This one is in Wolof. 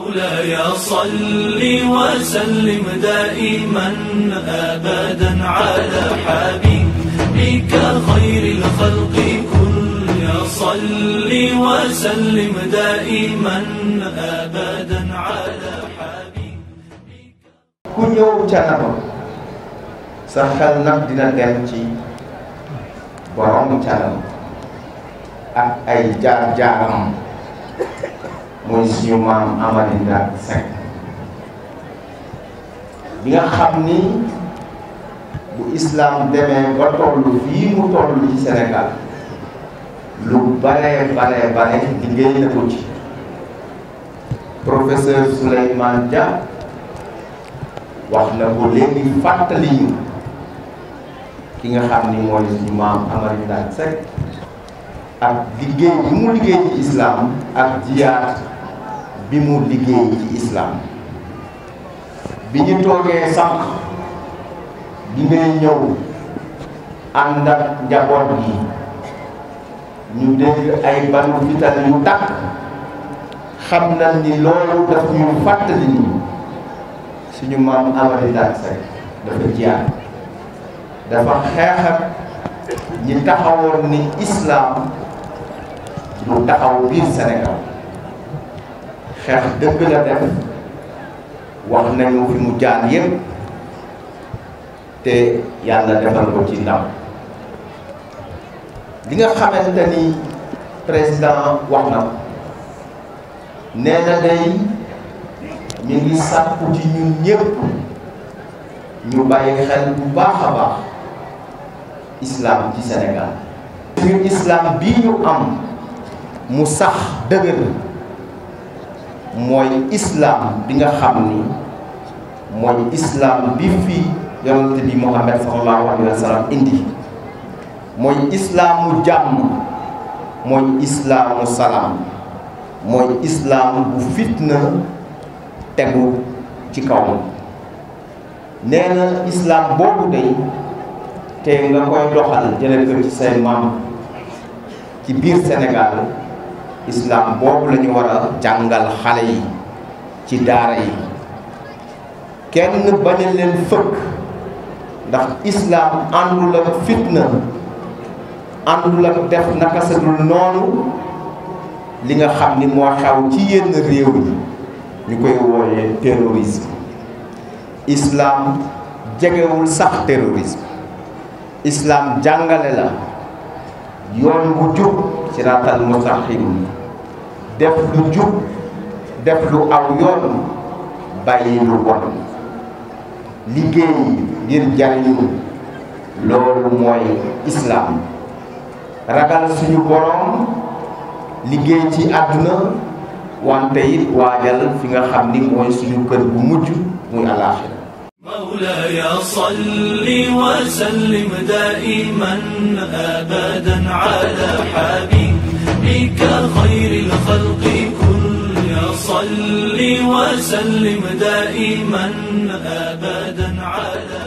مولاي صل وسلم دائما ابدا على حبيبك خير الخلق كل صل وسلم دائما ابدا على حبيبك ku يوم تعب anam sa xel nak dina dem ci borom ci ak ay jaar jaaram muy suñu maam Amady Ndak Seck bi nga xam bu islam demee ba tollu fii mu tollu ci Sénégal lu bare bare bare liggéey na ko ci professeur Souleymane Dia wax na ko léegi fàttali ñu ki nga xam ni mooy suñu maam Ndak Seck ak liggéey bi mu liggéey ci islam ak jiyaat bi mu liggéey ci islaam bi ñu toogee sànq bi ngay ñëw ànd ak njaboot gi ñu dégg ay banu fital yu tàkk xam na ni loolu daf ñu fàttali ni suñu maam Amari Daat Seck dafa jaar dafa xeex ak ñi taxawoon ni islaam du taxaw biir Sénégal xeex dëgg la def wax nañu fi mu jaan yépp te yàlla defal ko ci ndam li nga xamante ni président wax na nee na day ñu ngi ci ñun ñëpp ñu bàyyi xel bu baax a baax islam ci Sénégal suñu islam bii ñu am mu sax dëgër mooy islaam bi nga xam ni mooy islaam bi fi yonante bi Muhammad sallallahu alayhi wa sallam indi mooy islaamu jàmm mooy islaamu salaam mooy islaam bu fitna tegu ci kaw nee na islaam boobu day te nga koy doxal jële ci say maam ci biir Sénégal islam boobu la ñu war a jàngal xale yi ci daara yi kenn bañ a leen fëkk ndax islam àndul fitna àndul ak def naka noonu li nga xam ni moo xew ci yenn réew yi ñu koy wooyee terrorisme islam jegewul sax terrorisme islam jàngale la yoon bu jub siraatal mustaqim def lu jub def lu aw yoon bàyyi lu bon liggéey ngir jariñu loolu mooy ragal suñu boroom liggéey ci àdduna wante waajal fi nga xam ni mooy suñu kër bu muy alaaxira مولاي صل وسلم دائما أبدا على حبيبك خير الخلق كل صل وسلم دائما أبدا على حبيبك